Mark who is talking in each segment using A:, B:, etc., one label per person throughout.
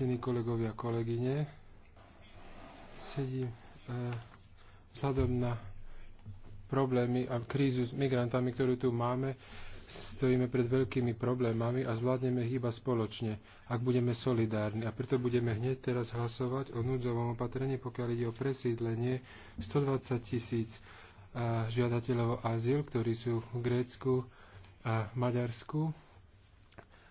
A: Ctení kolegovia a kolegyne, sedím e, vzhľadom na problémy a krízu s migrantami, ktorú tu máme, stojíme pred veľkými problémami a zvládneme ich iba spoločne, ak budeme solidárni. A preto budeme hneď teraz hlasovať o núdzovom opatrení, pokiaľ ide o presídlenie 120 tisíc e, žiadateľov azyl, ktorí sú v Grécku a Maďarsku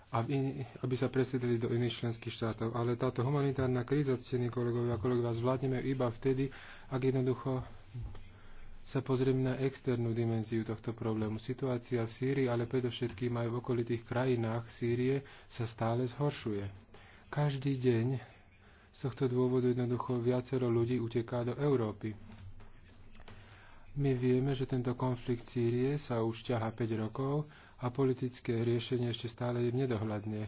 A: aby, aby sa presiedli do iných členských štátov. Ale táto humanitárna kríza, ctení kolegovia a kolegovia, zvládneme iba vtedy, ak jednoducho sa pozrieme na externú dimenziu tohto problému. Situácia v Sýrii, ale predovšetkým aj v okolitých krajinách Sýrie sa stále zhoršuje. Každý deň z tohto dôvodu jednoducho viacero ľudí uteká do Európy. My vieme, že tento konflikt Sýrie sa už ťaha 5 rokov a politické riešenie ešte stále je v nedohľadne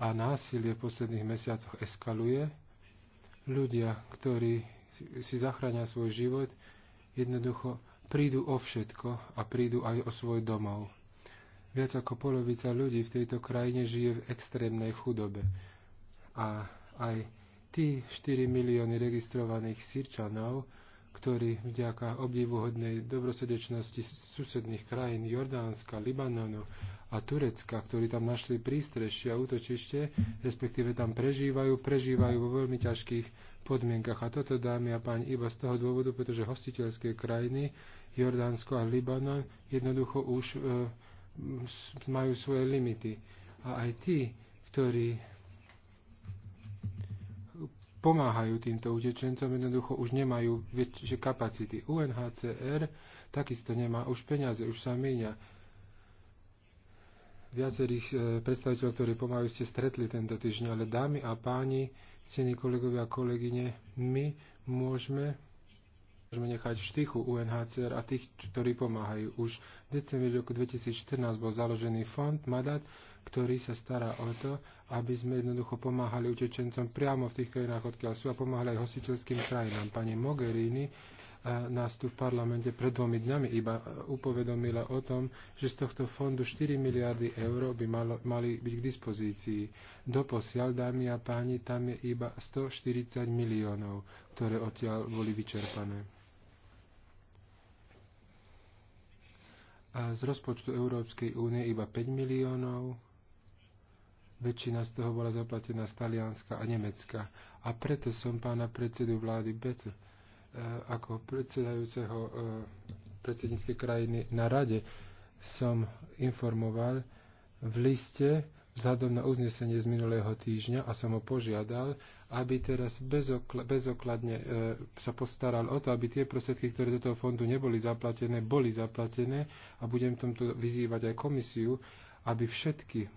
A: a násilie v posledných mesiacoch eskaluje. Ľudia, ktorí si zachránia svoj život, jednoducho prídu o všetko a prídu aj o svoj domov. Viac ako polovica ľudí v tejto krajine žije v extrémnej chudobe. A aj tí 4 milióny registrovaných sírčanov, ktorí vďaka obdivuhodnej dobrosrdečnosti susedných krajín Jordánska, Libanonu a Turecka, ktorí tam našli prístrešie a útočište, respektíve tam prežívajú, prežívajú vo veľmi ťažkých podmienkach. A toto, dámy a páni, iba z toho dôvodu, pretože hostiteľské krajiny Jordánsko a Libanon jednoducho už e, majú svoje limity. A aj tí, ktorí pomáhajú týmto utečencom, jednoducho už nemajú väčšie kapacity. UNHCR takisto nemá už peniaze, už sa míňa. Viacerých e, predstaviteľov, ktorí pomáhajú, ste stretli tento týždeň, ale dámy a páni, ctení kolegovia a kolegyne, my môžeme môžeme nechať v štychu UNHCR a tých, ktorí pomáhajú. Už v decembri roku 2014 bol založený fond Madat, ktorý sa stará o to, aby sme jednoducho pomáhali utečencom priamo v tých krajinách, odkiaľ sú a pomáhali aj hostiteľským krajinám. Pani Mogherini eh, nás tu v parlamente pred dvomi dňami iba eh, upovedomila o tom, že z tohto fondu 4 miliardy eur by malo, mali byť k dispozícii. Doposiaľ, dámy a páni, tam je iba 140 miliónov, ktoré odtiaľ boli vyčerpané. a z rozpočtu Európskej únie iba 5 miliónov. Väčšina z toho bola zaplatená z Talianska a Nemecka. A preto som pána predsedu vlády Betl e, ako predsedajúceho e, predsedníckej krajiny na rade som informoval v liste, vzhľadom na uznesenie z minulého týždňa a som ho požiadal, aby teraz bezokla, bezokladne e, sa postaral o to, aby tie prostriedky, ktoré do toho fondu neboli zaplatené, boli zaplatené a budem tomto vyzývať aj komisiu, aby všetky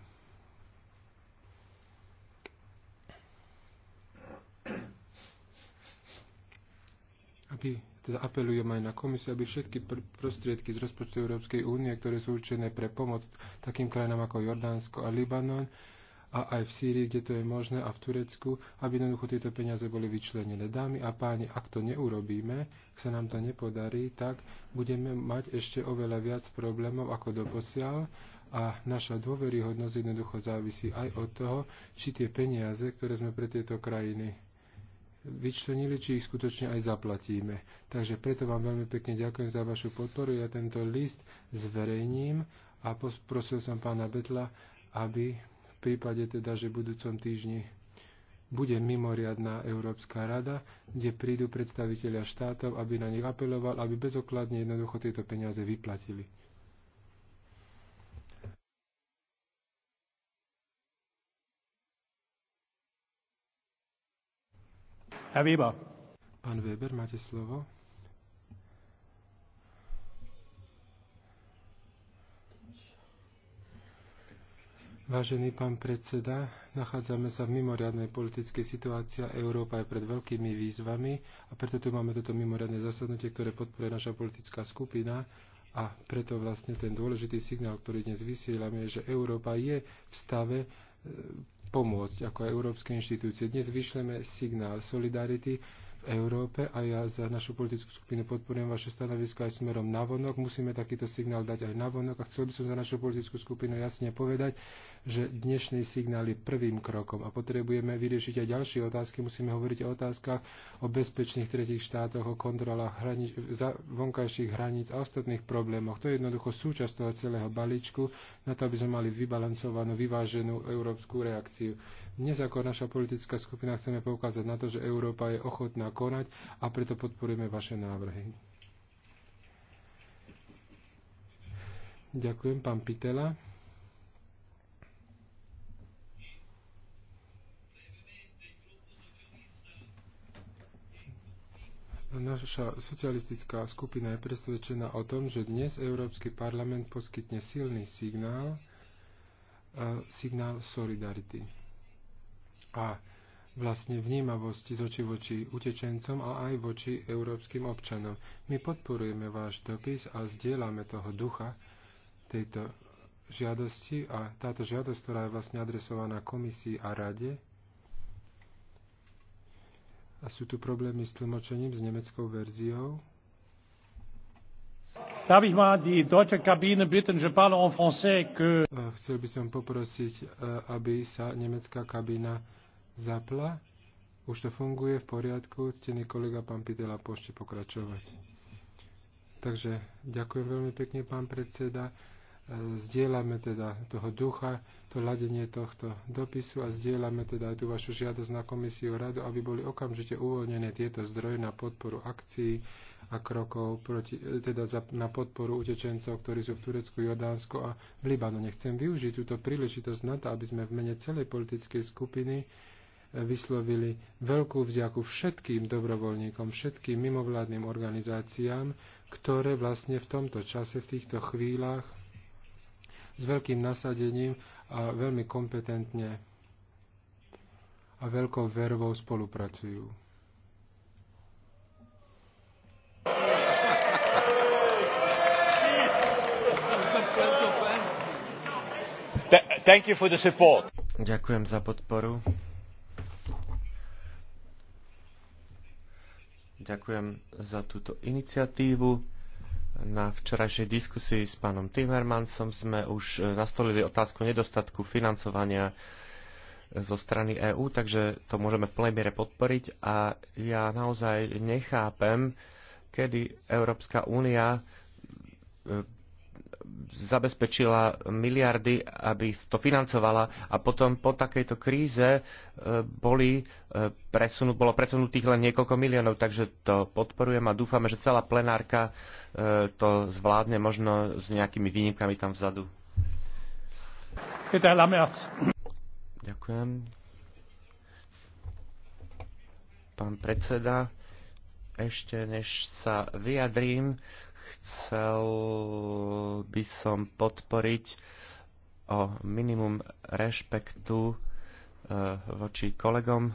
A: aby teda apelujem aj na komisiu, aby všetky pr- prostriedky z rozpočtu Európskej únie, ktoré sú určené pre pomoc takým krajinám ako Jordánsko a Libanon, a aj v Sýrii, kde to je možné, a v Turecku, aby jednoducho tieto peniaze boli vyčlenené. Dámy a páni, ak to neurobíme, ak sa nám to nepodarí, tak budeme mať ešte oveľa viac problémov ako doposiaľ a naša dôveryhodnosť jednoducho závisí aj od toho, či tie peniaze, ktoré sme pre tieto krajiny vyčlenili, či ich skutočne aj zaplatíme. Takže preto vám veľmi pekne ďakujem za vašu podporu. Ja tento list zverejním a prosil som pána Betla, aby v prípade teda, že v budúcom týždni bude mimoriadná Európska rada, kde prídu predstavitelia štátov, aby na nich apeloval, aby bezokladne jednoducho tieto peniaze vyplatili. Herr Weber. Pán Weber, máte slovo. Vážený pán predseda, nachádzame sa v mimoriadnej politickej situácii a Európa je pred veľkými výzvami a preto tu máme toto mimoriadne zasadnutie, ktoré podporuje naša politická skupina a preto vlastne ten dôležitý signál, ktorý dnes vysielame, je, že Európa je v stave e, pomôcť ako európske inštitúcie. Dnes vyšleme signál solidarity Európe a ja za našu politickú skupinu podporujem vaše stanovisko aj smerom na vonok. Musíme takýto signál dať aj na vonok a chcel by som za našu politickú skupinu jasne povedať, že dnešný signál je prvým krokom a potrebujeme vyriešiť aj ďalšie otázky. Musíme hovoriť o otázkach o bezpečných tretich štátoch, o kontrolách hranič, vonkajších hraníc a ostatných problémoch. To je jednoducho súčasť toho celého balíčku na to, aby sme mali vybalancovanú, vyváženú európsku reakciu. Dnes ako naša politická skupina chceme poukázať na to, že Európa je ochotná konať a preto podporujeme vaše návrhy. Ďakujem, pán Pitela. Naša socialistická skupina je presvedčená o tom, že dnes Európsky parlament poskytne silný signál, eh, signál solidarity. A vlastne vnímavosti z oči voči utečencom a aj voči európskym občanom. My podporujeme váš dopis a zdieľame toho ducha tejto žiadosti a táto žiadosť, ktorá je vlastne adresovaná komisii a rade, a sú tu problémy s tlmočením, s nemeckou verziou. Darf ich mal die deutsche Kabine bitten, je parle en français, que... Chcel by som poprosiť, eh, aby sa nemecká kabína Zapla. Už to funguje v poriadku. Ctený kolega pán Pitela, pošte pokračovať. Takže ďakujem veľmi pekne, pán predseda. E, zdieľame teda toho ducha, to ladenie tohto dopisu a zdieľame teda aj tú vašu žiadosť na komisiu radu, aby boli okamžite uvoľnené tieto zdroje na podporu akcií a krokov proti, e, teda za, na podporu utečencov, ktorí sú v Turecku, Jordánsku a v Libanone. Chcem využiť túto príležitosť na to, aby sme v mene celej politickej skupiny vyslovili veľkú vďaku všetkým dobrovoľníkom, všetkým mimovládnym organizáciám, ktoré vlastne v tomto čase, v týchto chvíľach s veľkým nasadením a veľmi kompetentne a veľkou vervou spolupracujú.
B: support. Ďakujem za podporu. Ďakujem za túto iniciatívu. Na včerajšej diskusii s pánom Timmermansom sme už e, nastolili otázku nedostatku financovania zo strany EÚ, takže to môžeme v plnej miere podporiť a ja naozaj nechápem, kedy Európska únia e, zabezpečila miliardy, aby to financovala a potom po takejto kríze e, boli e, presunú, bolo presunutých len niekoľko miliónov, takže to podporujem a dúfame, že celá plenárka e, to zvládne možno s nejakými výnimkami tam vzadu. Ďakujem. Pán predseda, ešte než sa vyjadrím Chcel by som podporiť o minimum rešpektu e, voči kolegom.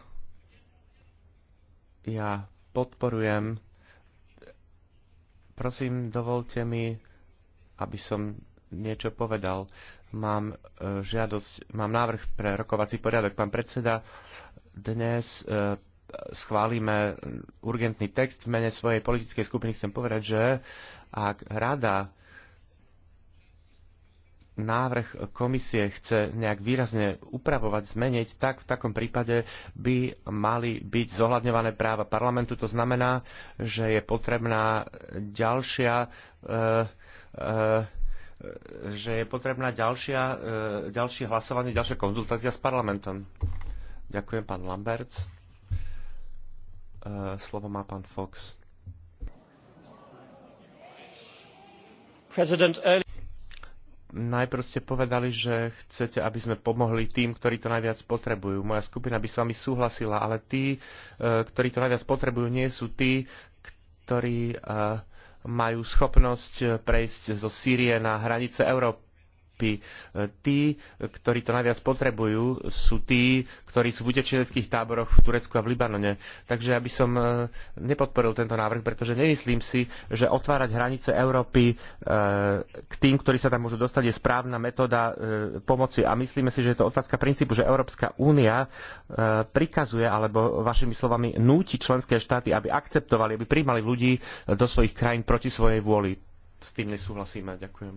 B: Ja podporujem. Prosím, dovolte mi, aby som niečo povedal. Mám e, žiadosť, mám návrh pre rokovací poriadok. Pán predseda, dnes e, schválime urgentný text v mene svojej politickej skupiny, chcem povedať, že ak rada návrh komisie chce nejak výrazne upravovať, zmeniť, tak v takom prípade by mali byť zohľadňované práva parlamentu. To znamená, že je potrebná ďalšia e, e, že je potrebná ďalšia, e, ďalšie hlasovanie, ďalšia konzultácia s parlamentom. Ďakujem, pán Lamberts. Eh, slovo má pán Fox. Najprv ste povedali, že chcete, aby sme pomohli tým, ktorí to najviac potrebujú. Moja skupina by s vami súhlasila, ale tí, eh, ktorí to najviac potrebujú, nie sú tí, ktorí eh, majú schopnosť prejsť zo Sýrie na hranice Európy Európy. E, tí, ktorí to najviac potrebujú, sú tí, ktorí sú v utečeneckých táboroch v Turecku a v Libanone. Takže ja by som e, nepodporil tento návrh, pretože nemyslím si, že otvárať hranice Európy e, k tým, ktorí sa tam môžu dostať, je správna metóda pomoci. A myslíme si, že je to otázka princípu, že Európska únia prikazuje, alebo vašimi slovami núti členské štáty, aby akceptovali, aby príjmali ľudí do svojich krajín proti svojej vôli. S tým nesúhlasíme. Ďakujem.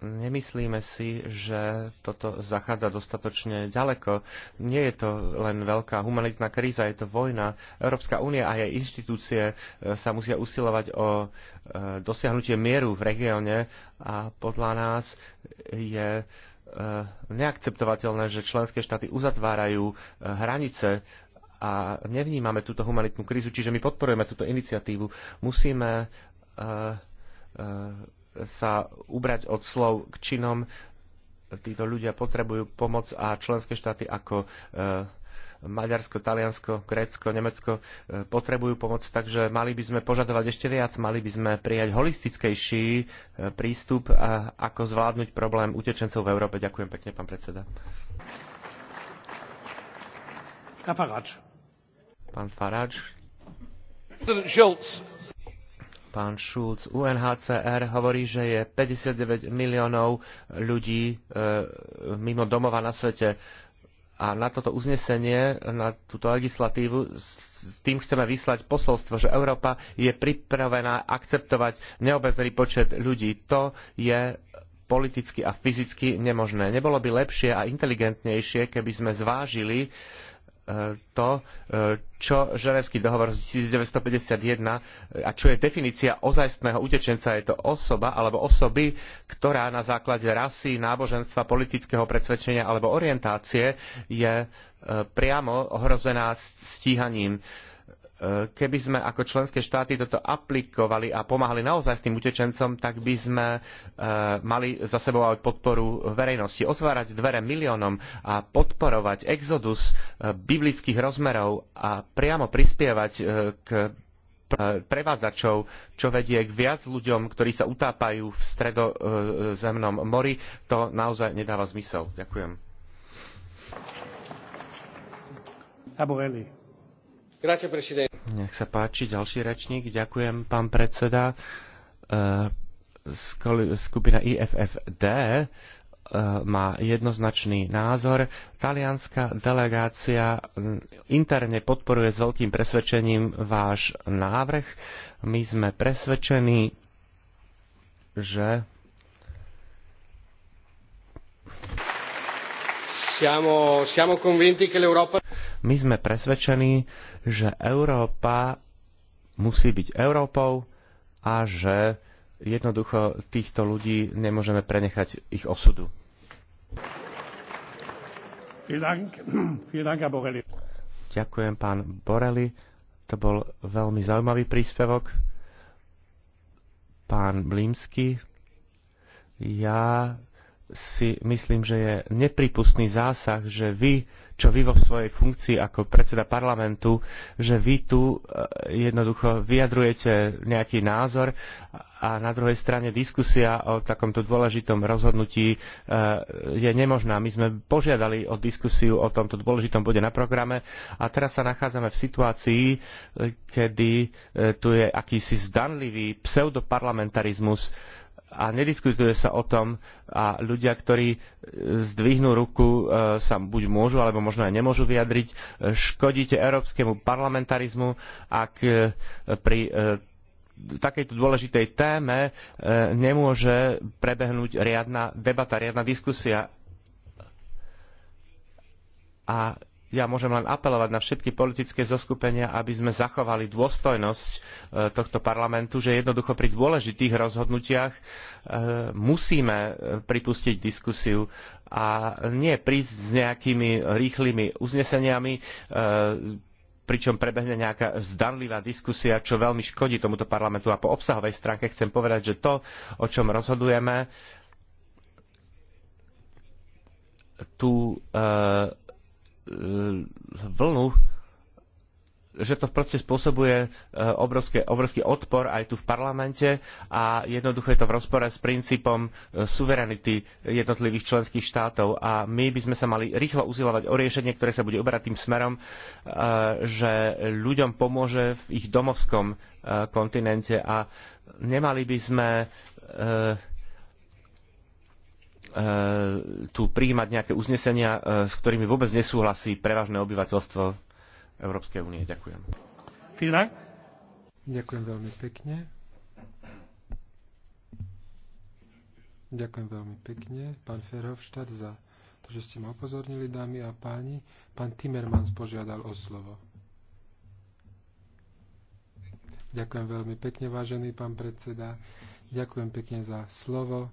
B: Nemyslíme si, že toto zachádza dostatočne ďaleko. Nie je to len veľká humanitná kríza, je to vojna. Európska únia a jej inštitúcie e, sa musia usilovať o e, dosiahnutie mieru v regióne a podľa nás je e, neakceptovateľné, že členské štáty uzatvárajú hranice a nevnímame túto humanitnú krízu, čiže my podporujeme túto iniciatívu. Musíme sa ubrať od slov k činom. Títo ľudia potrebujú pomoc a členské štáty ako e, Maďarsko, Taliansko, Grécko, Nemecko e, potrebujú pomoc, takže mali by sme požadovať ešte viac, mali by sme prijať holistickejší e, prístup, a ako zvládnuť problém utečencov v Európe. Ďakujem pekne, pán predseda. Pán Farage. Pán Pán Šulc, UNHCR hovorí, že je 59 miliónov ľudí e, mimo domova na svete. A na toto uznesenie, na túto legislatívu, s tým chceme vyslať posolstvo, že Európa je pripravená akceptovať neobezrý počet ľudí. To je politicky a fyzicky nemožné. Nebolo by lepšie a inteligentnejšie, keby sme zvážili, e, E, to, e, čo Ženevský dohovor z 1951 e, a čo je definícia ozajstného utečenca. Je to osoba alebo osoby, ktorá na základe rasy, náboženstva, politického presvedčenia alebo orientácie je priamo ohrozená stíhaním keby sme ako členské štáty toto aplikovali a pomáhali naozaj s tým utečencom, tak by sme e, mali za sebou aj podporu verejnosti. Otvárať dvere miliónom a podporovať exodus e, biblických rozmerov a priamo prispievať e, k prevádzačov, čo vedie k viac ľuďom, ktorí sa utápajú v stredozemnom mori, to naozaj nedáva zmysel. Ďakujem. Grazie, nech sa páči, ďalší rečník. Ďakujem, pán predseda. E, skupina IFFD e, má jednoznačný názor. Talianská delegácia interne podporuje s veľkým presvedčením váš návrh. My sme presvedčení, že siamo, siamo convinti che l'Europa my sme presvedčení, že Európa musí byť Európou a že jednoducho týchto ľudí nemôžeme prenechať ich osudu. Ďakujem, pán Borelli. To bol veľmi zaujímavý príspevok. Pán Blímsky, ja si myslím, že je nepripustný zásah, že vy, čo vy vo svojej funkcii ako predseda parlamentu, že vy tu e, jednoducho vyjadrujete nejaký názor a na druhej strane diskusia o takomto dôležitom rozhodnutí e, je nemožná. My sme požiadali o diskusiu o tomto dôležitom bode na programe a teraz sa nachádzame v situácii, e, kedy tu je akýsi zdanlivý pseudoparlamentarizmus, a nediskutuje sa o tom a ľudia, ktorí e, zdvihnú ruku, e, sa buď môžu, alebo možno aj nemôžu vyjadriť. E, škodíte európskemu parlamentarizmu, ak pri takejto dôležitej téme nemôže prebehnúť riadna debata, riadna diskusia. A ja môžem len apelovať na všetky politické zoskupenia, aby sme zachovali dôstojnosť e, tohto parlamentu, že jednoducho pri dôležitých rozhodnutiach e, musíme e, pripustiť diskusiu a nie prísť s nejakými rýchlymi uzneseniami, pričom prebehne nejaká zdanlivá diskusia, čo veľmi škodí tomuto parlamentu. A po obsahovej stránke chcem povedať, že to, o čom rozhodujeme, tu e, E, vlnu, že to v proste spôsobuje e, obrovské, obrovský odpor aj tu v parlamente a jednoducho je to v rozpore s princípom e, suverenity jednotlivých členských štátov a my by sme sa mali rýchlo usilovať o riešenie, ktoré sa bude uberať tým smerom, že ľuďom pomôže v ich domovskom kontinente a nemali by sme E, tu prijímať nejaké uznesenia, e, s ktorými vôbec nesúhlasí prevažné obyvateľstvo Európskej únie. Ďakujem.
A: Ďakujem veľmi pekne. Ďakujem veľmi pekne, pán Ferhovštad, za to, že ste ma upozornili, dámy a páni. Pán Timmermans požiadal o slovo. Ďakujem veľmi pekne, vážený pán predseda. Ďakujem pekne za slovo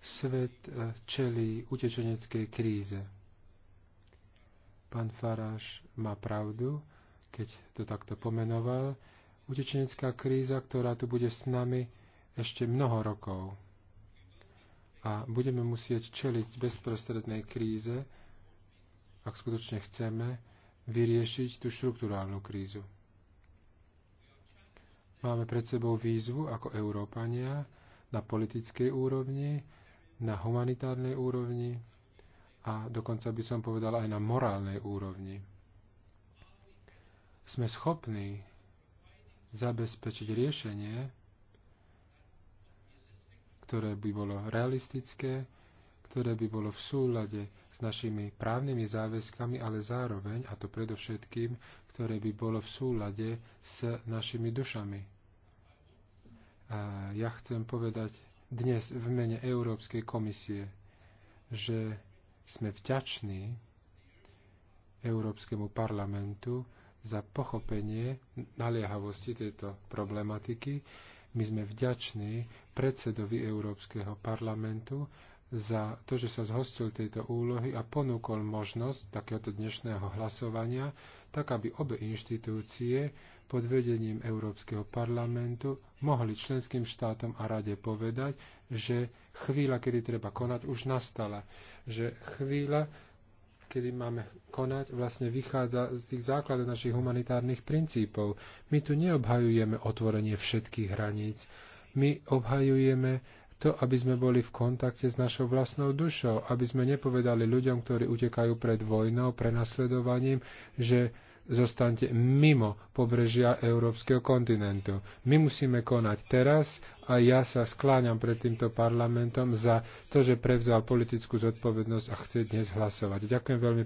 A: svet e, čelí utečeneckej kríze. Pán Faráš má pravdu, keď to takto pomenoval. Utečenecká kríza, ktorá tu bude s nami ešte mnoho rokov. A budeme musieť čeliť bezprostrednej kríze, ak skutočne chceme, vyriešiť tú štruktúrálnu krízu. Máme pred sebou výzvu ako Európania na politickej úrovni, na humanitárnej úrovni a dokonca by som povedal aj na morálnej úrovni. Sme schopní zabezpečiť riešenie, ktoré by bolo realistické, ktoré by bolo v súlade s našimi právnymi záväzkami, ale zároveň, a to predovšetkým, ktoré by bolo v súlade s našimi dušami. A ja chcem povedať dnes v mene Európskej komisie, že sme vďační Európskemu parlamentu za pochopenie naliehavosti tejto problematiky. My sme vďační predsedovi Európskeho parlamentu za to, že sa zhostil tejto úlohy a ponúkol možnosť takéhoto dnešného hlasovania, tak aby obe inštitúcie pod vedením Európskeho parlamentu mohli členským štátom a rade povedať, že chvíľa, kedy treba konať, už nastala. Že chvíľa, kedy máme konať, vlastne vychádza z tých základov našich humanitárnych princípov. My tu neobhajujeme otvorenie všetkých hraníc. My obhajujeme to, aby sme boli v kontakte s našou vlastnou dušou, aby sme nepovedali ľuďom, ktorí utekajú pred vojnou, prenasledovaním, že zostaňte mimo pobrežia európskeho kontinentu. My musíme konať teraz a ja sa skláňam pred týmto parlamentom za to, že prevzal politickú zodpovednosť a chce dnes hlasovať. Ďakujem veľmi.